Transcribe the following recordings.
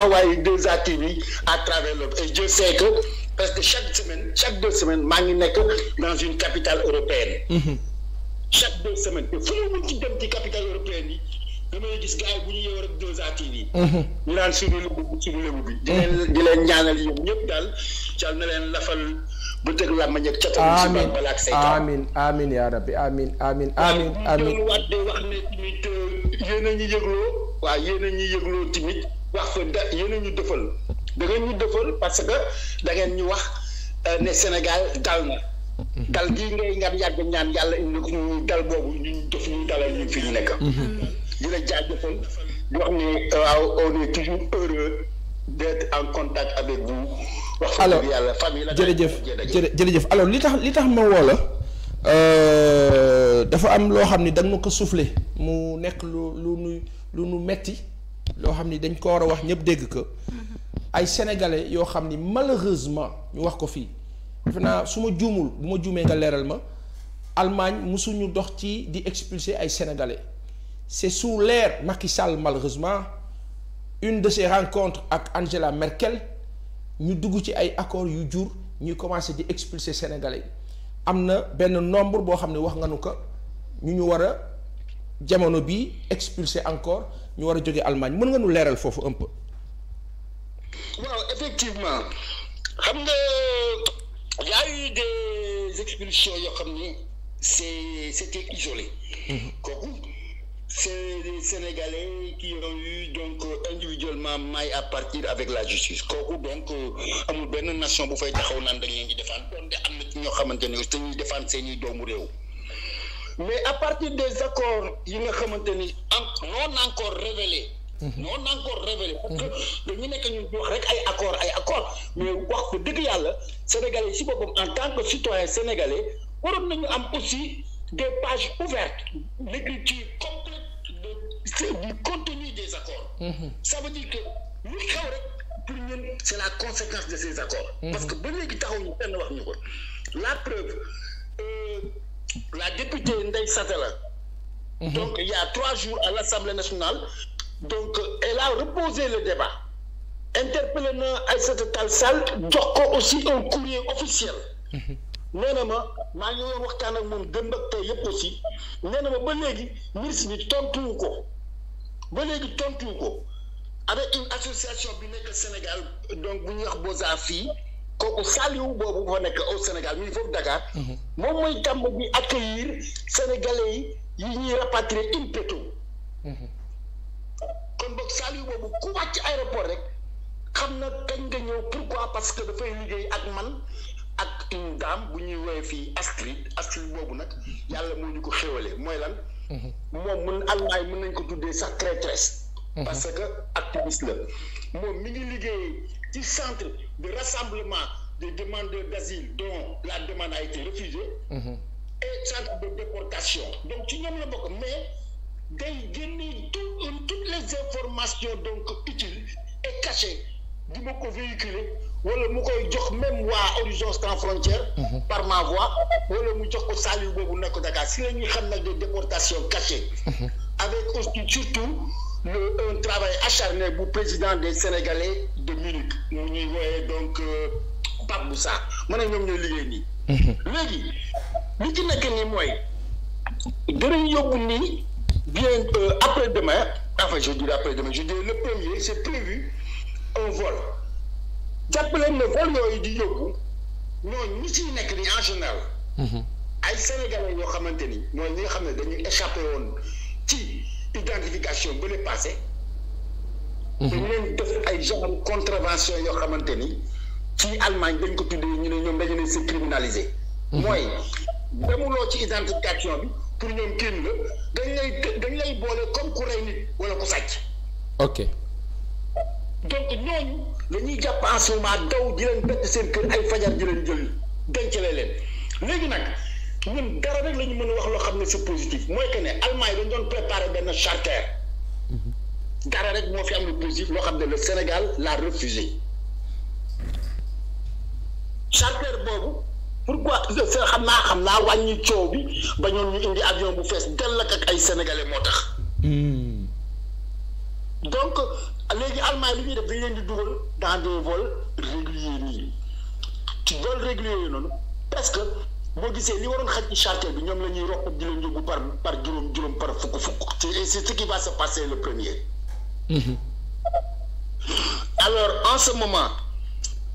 envoyé a TV à travers que chaque semaine chaque deux semaines maa ngi nekk dans une capitale mhm. yi damay gis gars yi bu mhm. ñu yeewoo rek 2A TV. di leen ñaanal yéen ñëpp daal cal na leen lafal bu teg la ma njëkk catam. amiin amiin amiin yaa rabbi amiin amiin amiin amiin. waaw ñu wax ne tamit euh, yéen a yëgloo. waaw yéen a ñu yëgloo tamit. wax ko da yéen ñu dëfal da ngeen ñu dëfal parce que da ngeen ñu wax euh, ne Sénégal dal na dal gii ngay ngan yàgg ñaan yàlla indi ko ñu dal boobu ñu def ñu dalal ñu fi nekk mm-hmm. di la jaajëfal di wax ni euh, waaw on est toujours en contact avec vous wax alors yàlla famille la jërëjëf jërëjëf alors li tax li tax ma woo la euh, dafa am loo xam ni da nga ma ko soufflé mu nekk lu lu nu lu nu metti loo xam ni dañ ko war a wax ñëpp dégg ko ay sénégalais yoo xam ni malheureusement ñu wax ko fii defe naa su ma juumul bu ma juumee nga leeral ma Allemagne musuñu dox ci di expulser ay sénégalais c'est sous l'ère Macky Sall malheureusement une de ses rencontres ak Angela Merkel ñu dugg ci ay accords yu jur ñuy commencer di expulser sénégalais am na benn nombre boo xam ne wax nga nu ko ñu ñu war a jamono bi expulser encore ñu war a joge Allemagne mën nga nu leeral foofu un peu. waaw effectivement xam nga y a eu yoo xam ni c'est c'était isolé. Mm-hmm. kooku c'est des Sénégalais qui ont donc individuellement maille à partir avec la justice kooku donc amul benn nation bu fay taxaw naan dañ leen di défendre donte am na ci ñoo xamante ne ñuy défendre seen i doomu réew. mais à partir des accords yi nga xamante ni am non encore révélés. Mhm. non encore révélés. parce que mhm. dañu nekk ñu wax rek ay accords ay accords mais wax ko dëgg yàlla sénégalais si boppam en tant que citoyen sénégalais waroon nañu am aussi des pages ouvertes l'écriture complète du contenu des accords. Mhm. ça veut dire que lu xew rek pour ñun c'est la conséquence de ces accords. parce que ba léegi taxaw ñu kenn wax ñu ko la preuve. la députée Ndeye Satala mhm. donc il trois jours à l'Assemblée nationale donc elle a reposé le débat interpellé na Aïssata Tall Sall jox ko aussi un courier officiel mhm. nee na ma maa ngi woon waxtaan ak moom démb ak tey yëpp aussi nee na ma ba léegi ministre bi tontuwu ko ba léegi tontuwu ko avec une association bi nekk Sénégal donc bu ñuy wax fii kooku Saliou boobu moo nekk au Sénégal mi ngi foofu Dakar. Mhm. moom mooy tàmm bi accueillir sénégalais yi yi ñuy rapatrier in petto. Mhm. kon boog Saliou boobu ku wàcc aéroport rek xam na kañ nga ñëw pourquoi parce que dafay liggéey ak man ak une bu ñuy woowee fii Astrid Astrid boobu nag yàlla moo ñu ko xéwalee mooy lan. Mhm. moom mun almaay mën nañ ko tuddee sax traîtresse. parce que activiste la moom mi ngi liggéey. ci centre de rassemblement des demandeurs d'asile dont la demande a été refusée mmh. et centre de déportation donc ci ñoom la bokk mais day génne tout euh, toutes les informations donc utiles et cachées di ma ko véhiculer wala mu koy jox même waa Horizon Sans Frontières mhm. par ma voix wala mu jox ko Saliou boobu nekk Dakar si la ñuy xam nag des déportations cachées mhm. avec aussi le un travail acharné bu président des Sénégalais de Munich mu ñuy wooyee donc euh, Pape Moussa ma ne ñoom ñooy liggéey nii. Mhm. léegi li ci nekk nii mooy dinañ yóbbu nii bien euh, après demain enfin je dirai après demain je dirai le premier c'est prévu un vol jàpp leen ne vol yooyu di yóbbu ñooñu ñi ciy nekk nii en mhm. ay sénégalais ñoo xamante ni mooy ñi nga xam ne dañuy échappé woon ci. identification ba le passé dañ mhm. leen def ay genre contravention yoo xamante ni fii Allemagne dañ ko tuddee ñu ne ñoom dañu ne c'est criminalisé mhm. mooy demuloo ci identification bi pour ñoom kenn la dañ lay dañ lay boole comme ku rey nit wala ku sàcc ok donc ñooñu la ñuy jàpp en ce moment daw di leen bett seen kër ay fajar di leen jël denc leen léegi nag ñun dara rek la ñu mën a wax loo xam ne c'est positif mooy que ne Allemagne dañ doon préparer benn charter dara rek moo fi am lu positif loo xam ne le Sénégal l'a refusé charter boobu pourquoi xam naa xam naa wàññi coow bi ba ñoom ñu indi avion bu fees dell ak ay sénégalais moo tax. donc léegi Allemagne li ñuy def dañ leen di dugal dans des vols réguliers nii ci vols yi noonu parce boo gisee li waroon xaj ci chantier bi ñoom la ñuy roq di leen yóbbu par par juróom-juróom par fukk-fukk c'est c'est ce qui va se passer le premier mm-hmm. alors en ce moment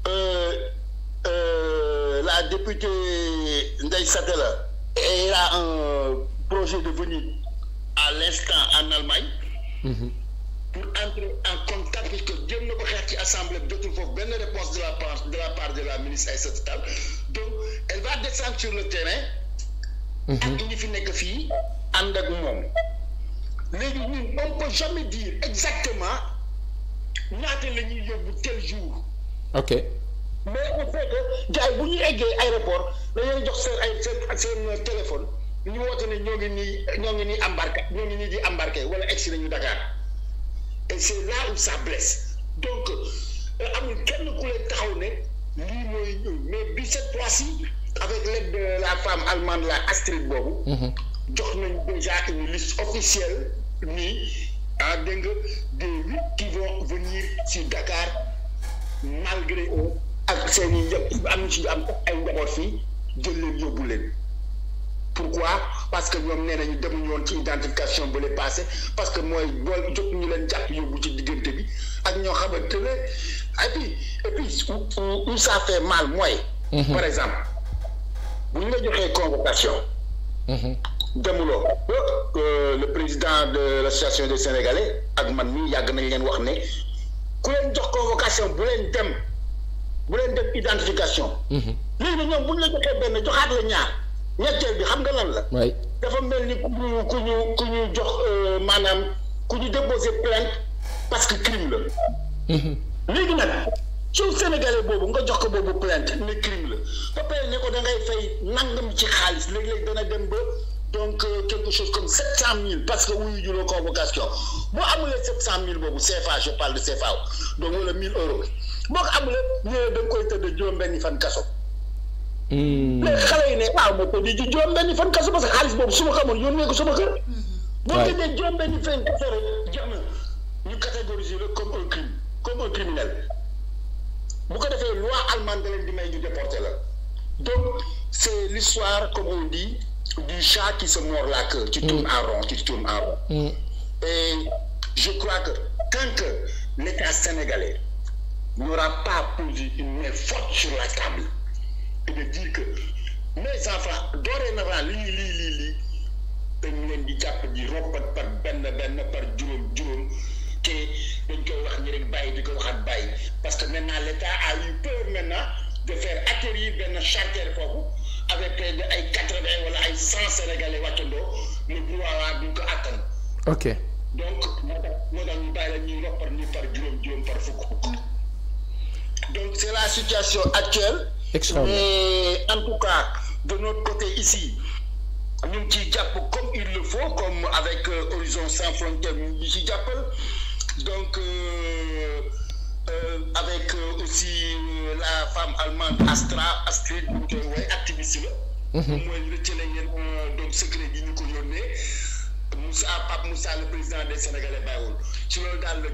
euh, euh, la députée Ndeye Sadela elle a un projet de venir à l'instant en Allemagne mm pour entrer en contact parce que jéem na ko xeex ci assemblée bi jotul foofu benn réponse de la part de la part de la ministre Aïssata Tall donc elle va descendre sur le terrain. Mhm. ak ñi fi nekk fii ànd ak moom. léegi ñun on peut jamais dire exactement ñaata la ñuy yóbbu tel jour. ok mais on sait que gars yi bu ñu eggee aéroport dañoo jox seen ay seen seen téléphone ñu woote ne ñoo ngi nii ñoo ngi nii embarqué ñoo ngi nii di embarqué wala egg si nañu Dakar. et c' est là où ça donc euh, amul kenn ku leen taxaw ne lii mooy mais bi cette fois-ci avec l'aide de la femme allemande la Astrid boobu. Mhm. jox nañ déjà une liste officielle nii ah dégg nga des huit qui vont venir sur Dakar malgré eux ak seen i am ci am ay njaboot fii jël leen yóbbu leen. pourquoi parce que ñoom nee nañu demuñu woon ci identification bu lay passé parce que mooy bool jot ñu leen jàpp yóbbu ci diggante bi ak ñoo xamante a et puis et puis où où ça fait mal mooy. Mhm. par exemple bu ñu la joxee convocation. Mhm. demuloo oh, euh, le président de l'association des sénégalais ak man mii yàgg nañ leen wax ne ku leen jox convocation bu leen dem bu leen dem identification. Mhm. léegi nag ñoom bu ñu la joxee benn joxaat la ñaar. ñetteel bi xam nga lan la. waay dafa mel ni ku ñu ku ñu ku ñu jox euh, maanaam ku ñu déposé plainte parce que crime la. Mhm. léegi nag su Sénégalais boobu nga jox ko boobu plainte ne crime la ba pare ne ko da ngay fay nangam ci xaalis léeg-léeg dana dem ba. donc euh, quelque chose comme sept cent mille parce que wuyu juloo convocation boo amulee sept cent mille boobu CFA je parle de CFA donc wala mille euros boo ko amulee ñu da nga koy tëdd juróom-benni fan kaso. Hmm. léegi xale yi ne ah ma ko di ji juróom benni fan kaso parce que xaalis boobu su ma xamoon yónnee ko sama kër. Hmm. waaw boo tëddee juróom benni fan kaso rek jeex na ñu comme un criminel bu ko defee loi allemande da leen di may ñu la donc c' est l'histoire comme on dit du qui se mord la queue. qui hmm. tourne en rond qui tourne en rond. et je crois que tant que l' sénégalais n' aura pas posé une main forte sur la table. et de dire que mes enfants dorénavant lii lii lii lii dañ leen di jàpp di rompat par benn benn par juróom-juróom te dañ koy wax ni rek bàyyi di ko waxaat bàyyi parce que maintenant l'État a eu peur maintenant de faire atterrir benn charter foofu avec ay quatre-vingts wala ay cent sénégalais wàccandoo mu droit duñ ko àttan. ok donc moo tax moo bàyyi la ñuy rompat par juróom-juróom par fukk. donc c'est la situation actuelle. Mais en tout cas, de notre côté ici, nous qui comme il le faut, comme avec euh, Horizon Sans Frontières, nous qui Donc, euh, euh, avec euh, aussi euh, la femme allemande Astra, Astrid, euh, ouais, activiste, mm -hmm. moi, je donc secret du Moussa, Pape Moussa, le président des Sénégalais Bayoul. Tu vois, dans le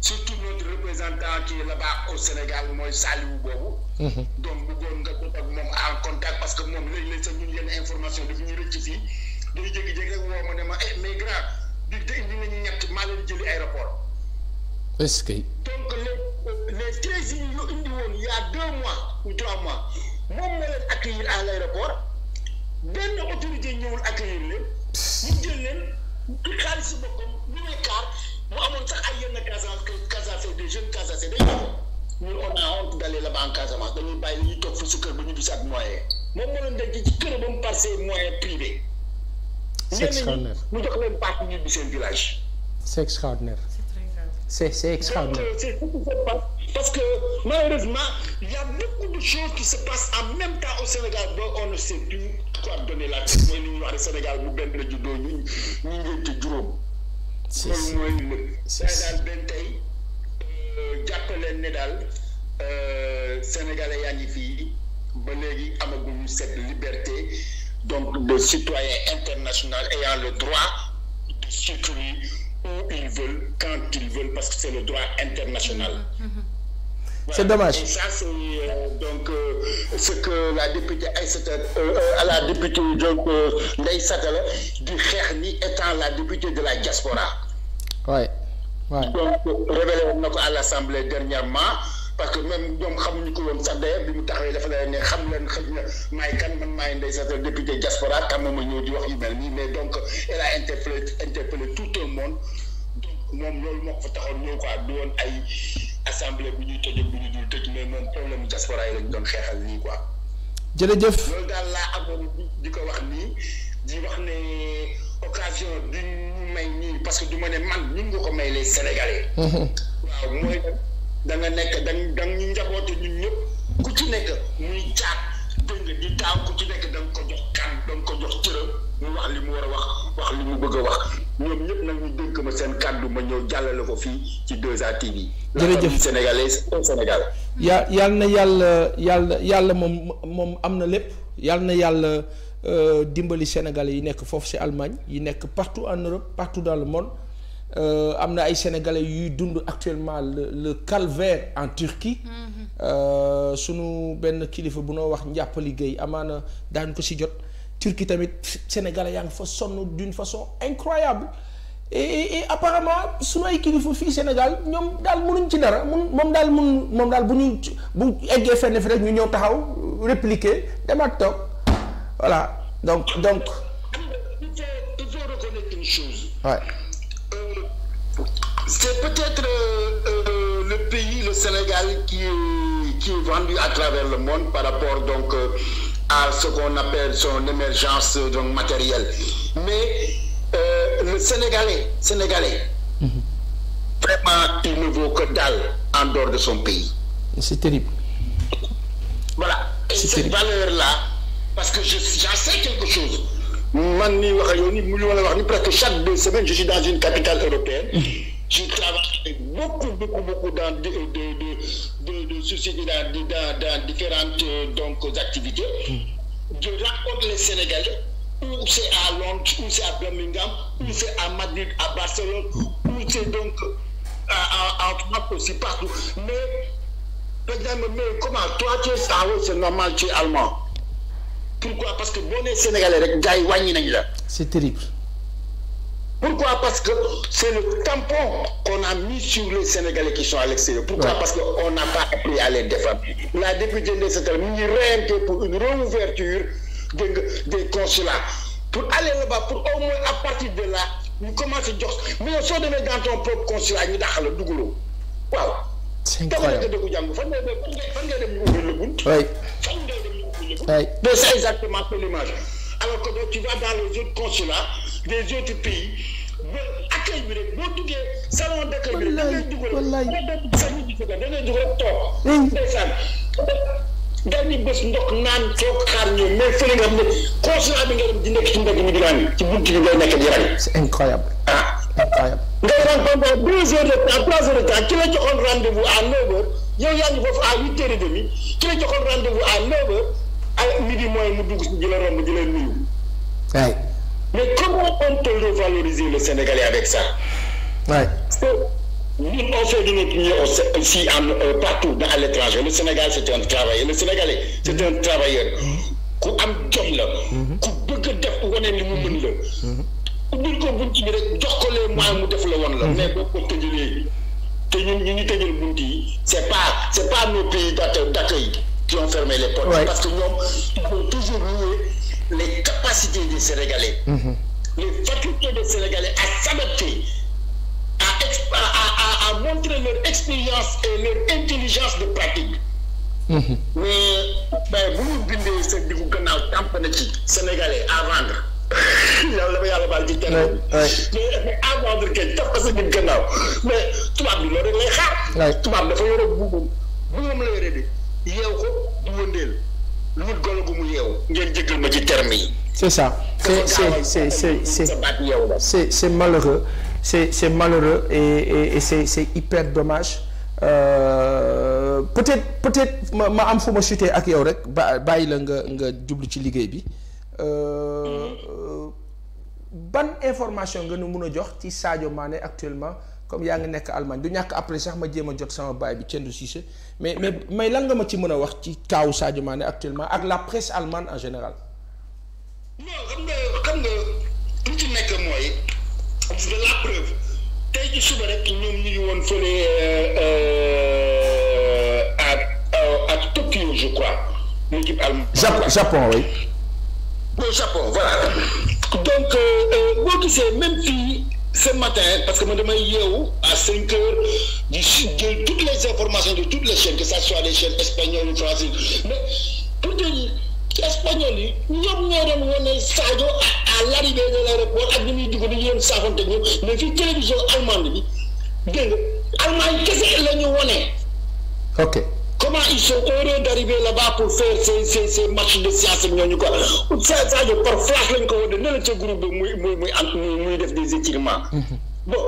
surtout notre représentant qui est là-bas au Sénégal mooy Saliou boobu. Mm-hmm. donc bëggoon nga ko ak en contact parce que moom léeg-léeg sax ñun yenn information dafa ñuy rëcc fii day jékki-jékki rek woo ma ne ma eh mais grand bi tey ñu ne ñu ñett maa indi woon il a deux mois ou trois à l'aéroport benn autorité ñëwul accueillir leen. mu jël leen xaalis boppam ñu ngi mu amoon sax ay yenn Casamance Casamance des jeunes Casamance dañuy defoon ñun on a honte d'aller là-bas en Casamance dañuy bàyyi li toog fii si kër ba ñu gis ak moyen moom moo leen denc ci kër ba mu passé moyen privé. c' est extraordinaire ñenn ñi mu jox leen parti ñu bi seen village. c' est extraordinaire. c' est c' est extraordinaire. donc euh, c' est tout ce se passe parce que malheureusement il y de choses qui se passent en même temps au Sénégal ba on ne sait plus quoi donner la tête mooy li ñuy wax ne Sénégal bu benn la juddoo si si loolu mooy lépp. waaye daal benn tey euh, jàpp leen ne daal euh, sénégalais yaa ngi fii ba léegi amaguñu cette liberté donc de citoyen international ayant le droit de circuler où ils veulent quand ils veulent parce que c'est le droit international. Mmh, mmh, mmh. c'est dommage. Ça, c'est euh, donc euh, ce que la députée Aïssata, euh, à la députée donc Ndeye Satala di xeex ni étant la députée de la diaspora. waay waay donc révélé woon na ko à l'assemblée dernièrement parce que même ñoom xamuñu ko woon sax d'ailleurs bi mu taxawee dafa lay ne xam leen xam na maay kan man maay Ndeye Satala député diaspora kan moom ma ñëw di wax yu mel nii mais donc elle a interpellé interpellé tout un monde. moom loolu moo ko fa taxoon ñëw quoi du woon ay assemblée bu ñuy tëj bu ñu dul tëj mais moom problème diaspora yi lañ doon xeexal nii quoi. jërëjëf loolu daal laa amoon di ko wax nii di wax ne occasion bi ñu may nii parce que du ma ne man ñun nga ko may les sénégalais. waaw mooy da nga nekk da nga ñu njaboote ñun ñëpp ku ci nekk muy caat. dégg nga di taaw ku ci nekk da nga ko jox kan da ko jox cëram mu wax li mu war a wax wax li mu bëgg a wax ñoom ñëpp nag ñu dénk ma seen kàddu ma ñëw jàllale ko fii ci 2A TV. jërëjëf sénégalais au Sénégal. ya yal na yàlla yàlla yàlla moom moom am na lépp yàlla na yàlla euh, dimbali sénégalais yi nekk foofu si Allemagne yi nekk partout en Europe partout dans le monde. Euh, am na ay sénégalais yuy dund actuellement le le calvaire en Turquie. Euh, sunu benn kilifa bu noo wax njàpp liggéey amaana daañu ko si jot. Turquie tamit sénégalais yaa ngi fa sonn d'une façon incroyable et et apparemment sunu ay kilifa fii Sénégal ñoom daal mënuñ ci dara mun moom daal mun moom daal bu ñu bu eggee fenn fi rek ñu ñëw taxaw répliquer demaat toog voilà donc donc. il faut C'est peut-être euh, euh, le pays, le Sénégal, qui est, qui est vendu à travers le monde par rapport donc euh, à ce qu'on appelle son émergence donc, matérielle. Mais euh, le Sénégalais, Sénégalais, mmh. vraiment, il ne vaut que dalle en dehors de son pays. C'est terrible. Voilà. Et cette parce que j'en sais quelque chose. Presque chaque deux semaines, je suis dans une capitale européenne. Je travaille beaucoup, beaucoup, beaucoup dans de, de, de, de sociétés, dans, dans, dans, différentes euh, donc, activités. Hmm. Je rencontre les Sénégalais, ou c'est à Londres, ou c'est à Birmingham, ou c'est à Madrid, à Barcelone, ou c'est donc en France aussi, partout. Mais, par exemple, mais comment Toi, tu es ah oui, c'est normal, tu es allemand. Pourquoi Parce que bon, les Sénégalais, les gars, ils C'est terrible. Pourquoi Parce que c'est le tampon qu'on a mis sur les Sénégalais qui sont à l'extérieur. Pourquoi ouais. Parce qu'on n'a pas appris à les défendre. La députée de cette mini pour une réouverture des, consulats. Pour aller là-bas, pour au moins à partir de là, ñu commencé jox mais so demee dans ton propre consulat ñu dàq la dugaloo waaw. c'est incroyable dama jàng fan ngay dem l'image alors que tu vas dans les autres consulats. des autres pays ba accueil boo duggee salon d'accueil bi rek da ngay dugg rek da ngay dugg rek toog ndeysaan daal di bés ndox naan toog xaar ñoom mais fële nga xam bi nga dem di nekk ci mbedd mi di naan ci bunt bi ngay nekk di rang c'est incroyable ah incroyable ngay la joxoon rendez-vous à neuf heures yow yaa ngi foofu à huit heures et demi ki joxoon rendez-vous à neuf heures ay midi mooy mu dugg si di la romb di la nuyu Mais comment on peut revaloriser le Sénégalais avec ça ouais. Nous, on fait de notre mieux aussi en, euh, partout dans l'étranger. Le Sénégal, c'est un travailleur. Le Sénégalais, c'est un travailleur. ku am jom la. Mhm. ku bëgg a def wane ni mu mën la. ubbil ko bunt bi rek jox ko les moyens mu def la woon la. Mhm. mais boo ko tëjalee te ñu ñu tëjal bunt yi. c' est pas c' est pas nos pays d' accueil qui ont fermé les portes. parce que ñoom ils toujours loué les capacité des Sénégalais, mmh. les facultés des Sénégalais à s'adapter, à, à, à, à, montrer leur expérience et leur intelligence de pratique. Mhm. mais bu ñu bindee seen diggu gannaaw tàmp na ci sénégalais à vendre yàlla ba yàlla baal ci kenn. mais à vendre kay tàmp sa diggu gannaaw mais tubaab bi loolu rek lay xaar. tubaab dafa yore buubum buubum la yore de yeew ko bu wëndeel. wut golo gu mu yeewu ngeen jëggal ma ci terme yi. c'est ça c'est c'est c'est c'est malheureux c'est malheureux c'est c'est euh, peut-être peut-être ma ma am fu ma chuté ak yow rek bàyyi la nga nga jublu ci liggéey bi. Euh, mm-hmm. ban information nga nu mun a jox ci Sadio maane actuellement. comme yaa ngi nekk Allemagne du ñàkk après sax ma jéem jot sama baay bi Tiendou Cissé mais mais mais lan nga ci mën a wax ci kaawu Sadio Mané actuellement ak la presse allemande en général. non xam nga xam nga li ci nekk mooy suba rek ñoom ñu woon fële euh, euh, à euh, je crois. mu jub Allemagne Japon Japon oui. donc boo gisee même fii. ce matin parce que man damay yeewu à cinq heures di jël toutes les informations de toutes les chaînes que ça soit les chaînes espagnoles ou mais pour te espagnol yi ñoom ñoo doon wane Sadio à l'arrivée de l'aéroport ak ni muy dugg dañu doon saafoonte ñoom mais fii télévision allemande bi dégg nga kese la ñu comment ils sont heureux d'arriver là-bas pour faire ces ces ces matchs de science ak quoi sa Sadio par flash lañ ko war a ne la groupe ba muy def des étirements. Mm-hmm. bon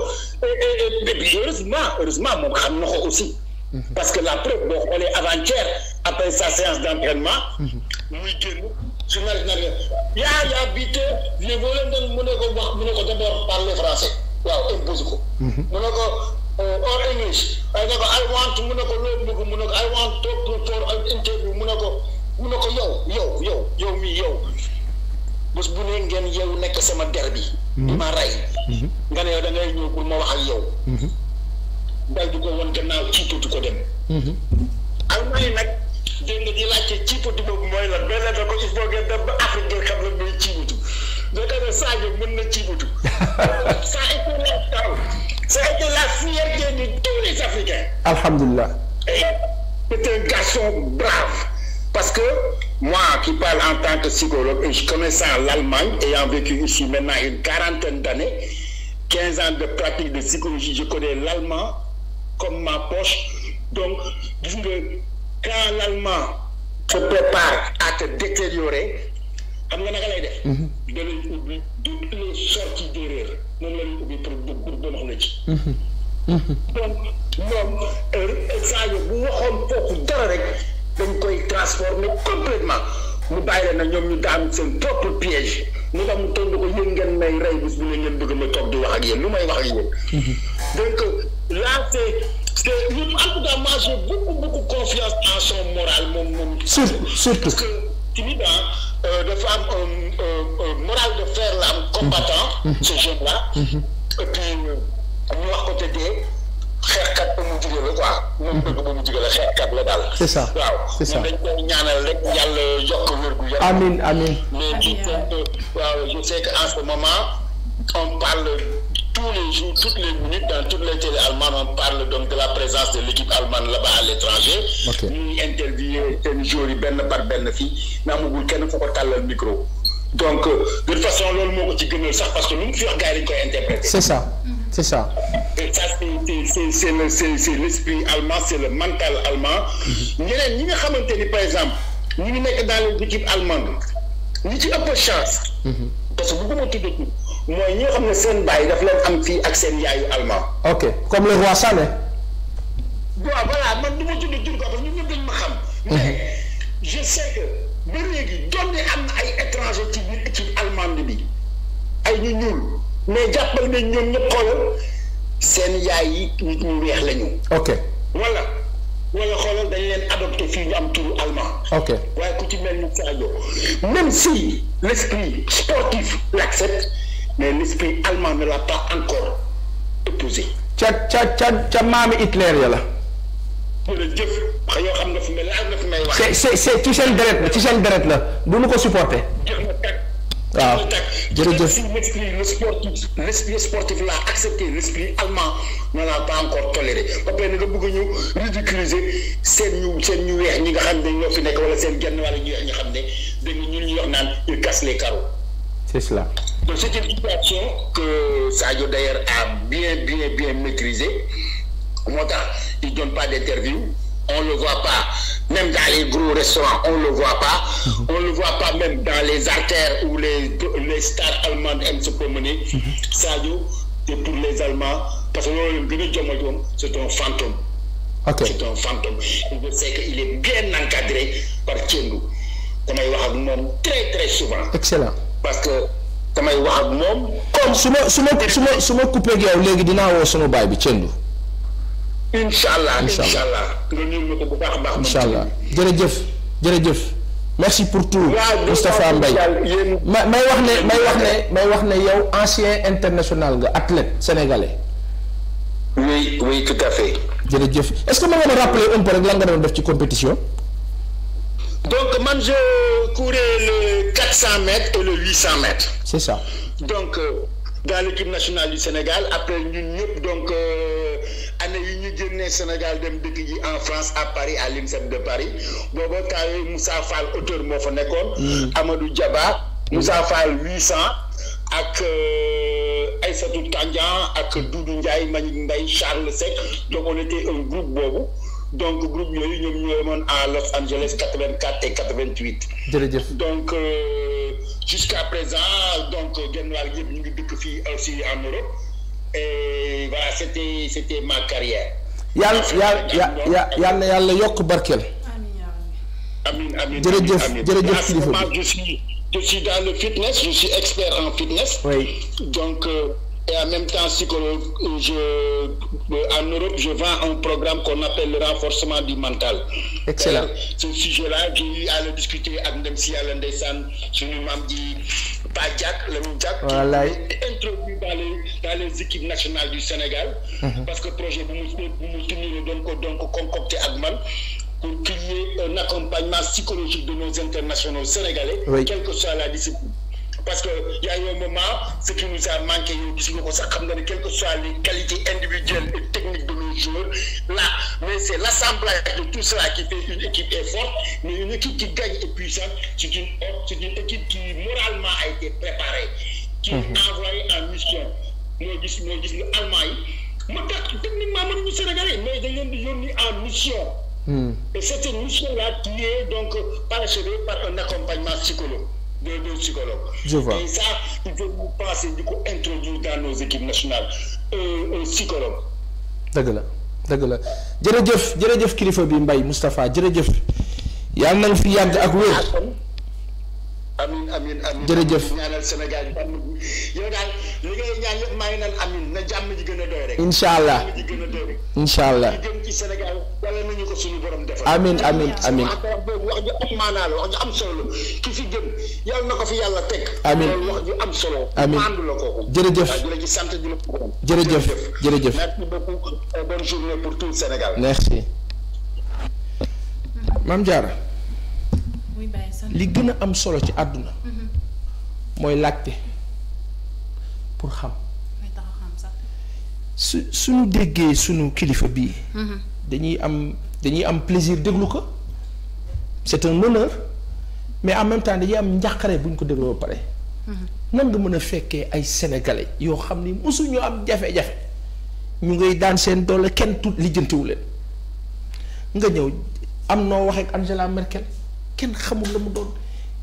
heureusement heureusement moom xam aussi. Mm-hmm. parce que la preuve boo xoolee avant-hier après sa séance d'entraînement. Mm-hmm. muy génn journaliste na leen yaa yaa biite lii boo leen doon mën a ko wax a ko d'abord français waaw impose ko. mën a or English ay ne ko I want mu ne ko loo bëgg mu ne ko I want talk for an interview mu ne ko mu ne ko yow yow yow yow mii yow bés bu ne ngeen yow nekk sama der bi mhm. di ma rey mhm. nga ne yow da ak yow mhm. dal ko woon gannaaw ciipatu ko dem almaa yi nag dégg nga di laajte ciipatu boobu mooy la benn da ko il ba Afrique ngeen xam la muy ciipatu nga demee Sadio mën na ciipatu saa il Ça a été la fierté de tous les Africains. Alhamdulillah. C'est un garçon brave. Parce que moi qui parle en tant que psychologue, et je connais ça en Allemagne, ayant vécu ici maintenant une quarantaine d'années, 15 ans de pratique de psychologie, je connais l'allemand comme ma poche. Donc, quand l'allemand se prépare à te détériorer, xam na naka lay def. Mhm. dañuy ubbi toutes les sorties d'erreur moom la ñuy ubbi pour pour ba wax la ci. Mhm. Mhm. donc euh, bu waxoon foofu dara rek dañ koy transformer complètement mu bàyyi na ñoom ñu daan seen propre piège mu tax mu ko yéen ngeen may rey bis bu ne ngeen bëgg ma toog di wax ak yéen lu may wax ak yéen. donc là c'est c'est en tout cas moi j'ai beaucoup beaucoup confiance en moom moom. surtout surtout timide hein euh, dafa am un moral de fer la am combattant mm-hmm. ce jeune là mm-hmm. et puis ñu wax ko te ba mu jugee la quoi moom dëgg ba mu jugee la la daal c'est ça waaw c'est ça dañ koy ñaanal rek yàlla yokk wér gu yaram amiin amiin mais je sais que en ce moment on parle tous les jours, toutes les minutes, dans toutes les télés allemandes, on parle donc de la présence de l'équipe allemande là-bas à l'étranger. Okay. ñuy interviewé seen joueurs benn par benn fii naamugul kenn ku ko tàllal micro. donc euh, de toute façon loolu moo ko ci gënal sax parce que lu mu fi wax gars yi dañu koy interpréter. c'est ça c'est ça. le c'est l'esprit allemand c'est le mental allemand. Mm-hmm. ñeneen ñi nga xamante ni par exemple ñu ngi nekk dans les équipes allemandes ñi ci ëpp chance. Mm-hmm. parce que bu ko ma mooy ñi nga xam ne seen baay daf leen am fii ak seen yaayu allemand. ok comme le roi Sané. waaw voilà man du ma tudd tur parce que ñun ñëpp dañ ma xam. Mhm. mais je sais que ba léegi donte am na ay ci biir bi ay ñu ñuul mais jàppal nañ ñoom ñëpp xoolal seen yaay yi nit ñu weex lañu. ok voilà. wala xoolal dañ leen adopté fii ñu am turu allemand. ok waaye ku ci mel ni Sadio même si l' esprit sportif l' accepte. mais l'esprit allemand ne l'a pas encore épousé. ca ca ca ca maami Hitler ya la. jërëjëf xa yoo xam nga fu may laal nga fu may wax. c'est c'est ci seen deret la ci seen deret la du ñu ko supporter. waaw jërëjëf si l'esprit le sportif l'esprit sportif l'a accepté l'esprit allemand ne l'a pas encore toléré ba pare nga bëgg ñu ridiculiser seen ñu seen ñu weex ñi nga xam ne ñoo fi nekk wala seen genn wala ñu weex ñi xam ne dañu ñun ñu wax naan il casse les carreaux. c'est cela. Donc c'est une situation que Sadio d'ailleurs a bien, bien, bien maîtrisée. Montant, il donne pas d'interview, on le voit pas. Même dans les gros restaurants, on ne le voit pas. Mhm. On le voit pas même dans les artères où les, les stars allemandes aiment se promener. Mmh. Sadio, pour les Allemands, parce que c'est un fantôme. Okay. C'est un fantôme. Je sais est bien encadré par Tiendou. Comme il très très souvent. Excellent. Parce que damay wax ak moom. comme su ma su ma su ma su ma coupé yow léegi dinaa woo sunu baay bi Thiendou. incha allah incha allah nga ñëw ko bu baax allah jërëjëf jërëjëf. merci pour tout Moustapha Mbaye ma may wax ne may wax ne may wax ne yow ancien international nga athlète sénégalais. oui oui tout à fait. jërëjëf est ma nga ma rappeler rek lan nga def ci compétition. Donc, man je courais le 400 mètres et le 800 mètres. C'est ça. Donc, euh, dans l'équipe nationale du Sénégal, après nous, donc, euh, année yu ñu génnee Sénégal dem dëkk ji en France à Paris à l'INSEP de Paris booba temps yooyu Moussa Fall auteur moo fa nekkoon. Mm. Amadou Diaba. Moussa Fall cent ak euh, Aïssatou Tandian ak Doudou Ndiaye Manick mbay Charles Seck donc on était un groupe boobu. donc groupe yooyu ñoom ñoo demoon à Los Angeles 84 et 88. jërëjëf donc euh, jusqu'à présent donc genn wàll yëpp ñu ngi dëkk fii aussi en Europe et voilà c'était c'était ma carrière. yàlla yàlla yàlla yàlla yokk barkeel. amiin amiin jërëjëf jërëjëf kilifa bi je suis je suis dans le fitness je suis expert en fitness. oui donc. Euh, en même temps psychologue, je, en Europe, je vends un programme qu'on appelle le renforcement du mental. Excellent. Euh, ce sujet-là, j'ai eu à le discuter avec Ndem Siala Ndesan, je nous m'en dit pas le même qui introduit dans les, équipes nationales du Sénégal, mhm. parce que projet Boumoustouni, donc, donc concocté Agman, pour qu'il y ait un accompagnement psychologique de nos internationaux sénégalais, oui. soit la discipline. parce que y a eu un moment ce qui nous a manqué yow gis nga ko sax xam nga ne que soient les qualités individuelles et techniques de nos joueurs là mais c'est l'assemblage de tout cela qui fait une équipe est forte mais une équipe qui gagne et puissante c'est une c'est une équipe qui moralement a été préparée qui mm envoyée en mission moo gis moo gis lu Allemagne yi ma tax techniquement mais dañ leen di yónni en mission hmm. et cette mission là qui est donc parachevée par un accompagnement des, des Je vois. Et ça, il faut nous penser, du coup, introduire dans euh, euh, dëgg la dëgg la jërëjëf jërëjëf kilifa bi mbay Moustapha jërëjëf yàlla nañ fi yàgg ak wér. Ah, amin amin amin jërëjëf ñaanal Sénégal jàmm ji yow daal li maa ngi naan amin na jàmm gën a doy rek. incha allah jàmm ji gën a doy rek. incha ko suñu borom defal. amin amin amin wax ju am maanaa la wax am solo ki fi gën yàlla na ko yàlla teg. amin loolu am solo. amin maandu la jërëjëf waaw jërëjëf sant di la ko. jërëjëf jërëjëf merci beaucoup euh, bonne journée pour tout le Sénégal. merci. Mame Diarra. li gën a am solo ci àdduna mhm. mooy laajte pour xam su suñu déggee suñu kilifa bii mhm. dañuy am dañuy am plaisir déglu ko c'est un mais en même dañuy am njàqare bu ñu ko dégloo pare mhm. nan nga mën a fekkee ay sénégalais yoo xam ni mosuñu am jafe-jafe ñu ngay daan seen doole kenn tut lijjantiwu leen nga ñëw am noo waxee Angela Merkel kenn xamul la mu doon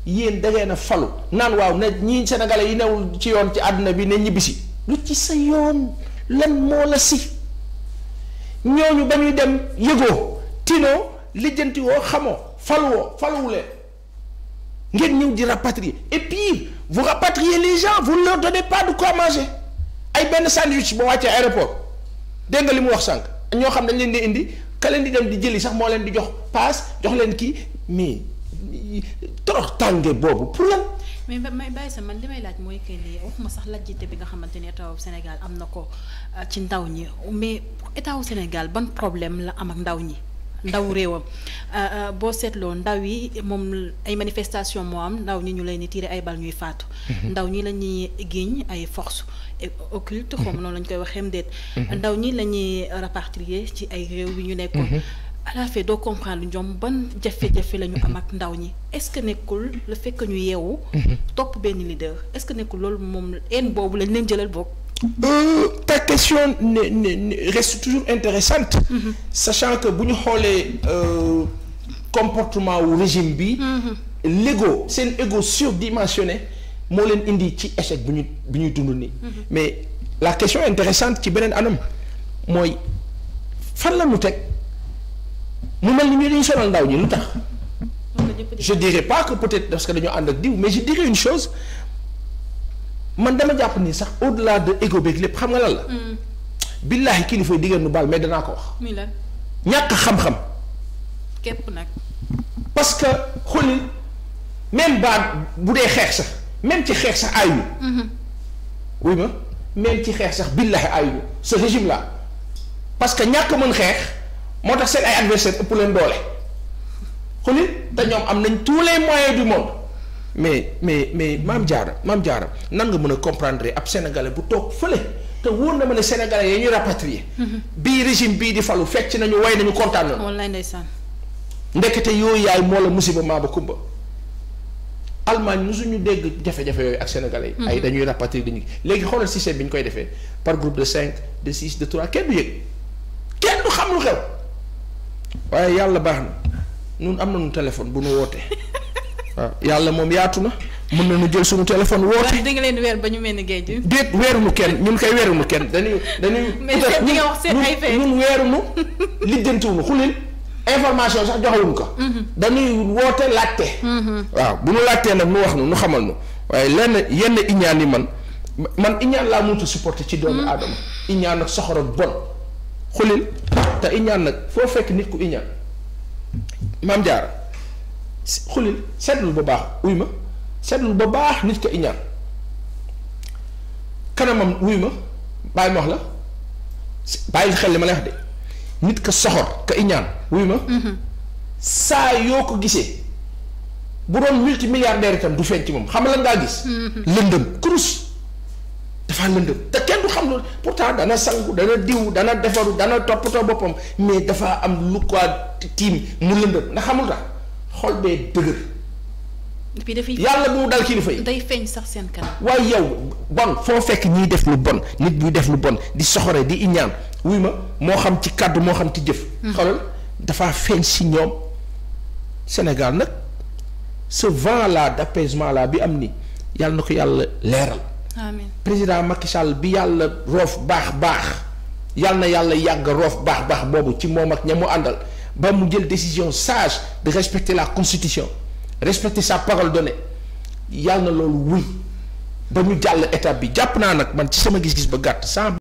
yéen da na a falu naan waaw na ñii sénégalais yi newul ci yoon ci àdduna bi ne ñibbisi lu ci sa yoon lan moo la si ñooñu ba ñuy dem yëgoo tinoo lijjanti woo xamoo faluwoo faluwuleen ngeen ñëw di rapatrier et puis vous rapatriez les gens vous ne leur donnez pas de quoi manger ay benn sandwich ba wàccee aéroport dégg nga li mu wax sànq ñoo xam dañ leen di indi ka di dem di jëli sax moo leen di jox paas jox leen kii mii torox tànge boobu pour lan. mais may bàyyi sa man li may laaj mooy que ni waxuma sax lajjite bi nga xamante ne état wu Sénégal am na ko euh, ci ndaw ñi mais état Sénégal ban problème la am ak ndaw ñi. ndaw réewam euh, euh, boo seetloo ndaw yi moom ay manifestation moo am ndaw ñi ñu leen di tiire ay bal ñuy faatu mhm. ndaw ñi la ñuy giñ ay force occulte xom mhm. noonu lañ koy waxeem déet mhm. ndaw ñi lañuy ñuy rapatrier ci ay réew yi ñu nekkoon à la fin doo comprendre ñoom ban jafe-jafe la am ak ndaw ñi est-ce que nekkul le fait que ñu yeewu. topp benn leader est-ce que nekkul loolu moom haine boobu lañ leen jëlal bokk. Euh, ta question ne ne reste toujours intéressante. Mm-hmm. sachant que bu ñu xoolee euh, comportement wu régime bi. Mm-hmm. l'ego seen ego surdimensionné moo leen indi ci échec bu ñu bu ñuy dund nii. Mm-hmm. mais la question intéressante ci beneen anam mooy fan la ñu teg. mu mel ni ñu dañu sonal ndaw ñi lu tax je dirais pas que peut-être parce que dañoo ànd ak diw mais je dirais une chose man dama jàpp nii sax au-delà de égo beeg lépp xam nga lan la hmm. billaahi kilifa yi diggéen nu baal mais danaa ko wax ñàkk xam-xam képp nag parce que xoolil baat bu dee xeex sax même ci xeex sax aayuñu wuy hmm. ma même ci xeex sax billaahi aayuñu ce régime là parce que ñàkk mën xeex moo tax seen ay adversaire ëpp leen doole xuli te ñoom am nañ tous les moyens du monde mais mais mais maam Diarra maam Diarra nan nga mën a comprendre ab sénégalais bu toog fële te wóor na ma ne sénégalais yi ñuy rapatrier. Mm-hmm. bii régime bii di falu fecc nañu way nañu kontaan nañu. wallaay ndeysaan. ndekete yooyu yaay moo la musiba maaba kumba Allemagne ñu dégg jafe-jafe yooyu ak sénégalais yi. ay mm-hmm. dañuy rapatrier dañuy léegi xoolal système bi ñu koy defee par groupe de cinq de six de trois kenn du yëg kenn du waaye yàlla baax na ñun am nañu téléphone bu nu wootee waaw yàlla moom yaatu na mën nañu jël suñu téléphone woote. waaw di nga leen weer ba ñu mel ni géej déet weeruñu kenn ñun kay weeruñu kenn dañuy dañuy. mais seen li nga wax seen ay fee ñun weeruñu information sax joxewuñu ko. Mhm. dañuy woote laajte. Mhm. waaw bu nu laajtee nag nu wax nu nu xamal nu waaye lenn yenn iñaan yi man man iñaan laa mënut a ci doomu mhm. aadama. iñaan ak soxor ak bon. xulil te iñaan nag foo fekk nit ku iñaan maam jaara xulil seetlul ba baax uy ma seetlul ba baax nit ko iñaan kanamam wuy ma bàyyi ma wax la bàyyi xel li ma lay wax de nit ka soxor ka iñaan wuy ma mhm. saa yoo ko gisee bu doon multimilliardaire itam du feeñ ci moom xam nga lan ngaa gis mhm. lëndëm kurus dafa lëndëm te kenn am lu pourtant dana sangu dana diw dana defaru dana toppatoo boppam mais dafa am lu ko tiim mu lëndëm ndax xamul tax xol bee dëgër. puis dafay yàlla bu mu dal kilifa yi. day feeñ sax seen kanam. waaye yow bon foo fekk ñiy def lu bon nit buy def lu bon di soxore di iñaan wuy ma moo xam ci kàddu moo xam ci jëf. Hmm. xoolal dafa feeñ si ñoom Sénégal nag ce vent là d'apaisement là bi am ni yàlla na ko yàlla leeral. amiin président Macky Sall bi yàlla roof baax baax yàlla na yàlla yàgg roof baax baax boobu ci moom ak ña mu àndal ba mu jël décision sage de respecter la constitution respecter sa parole donnée yàlla na loolu wuy ba ñu jàll étape bi jàpp naa nag man ci sama gis-gis ba gàtt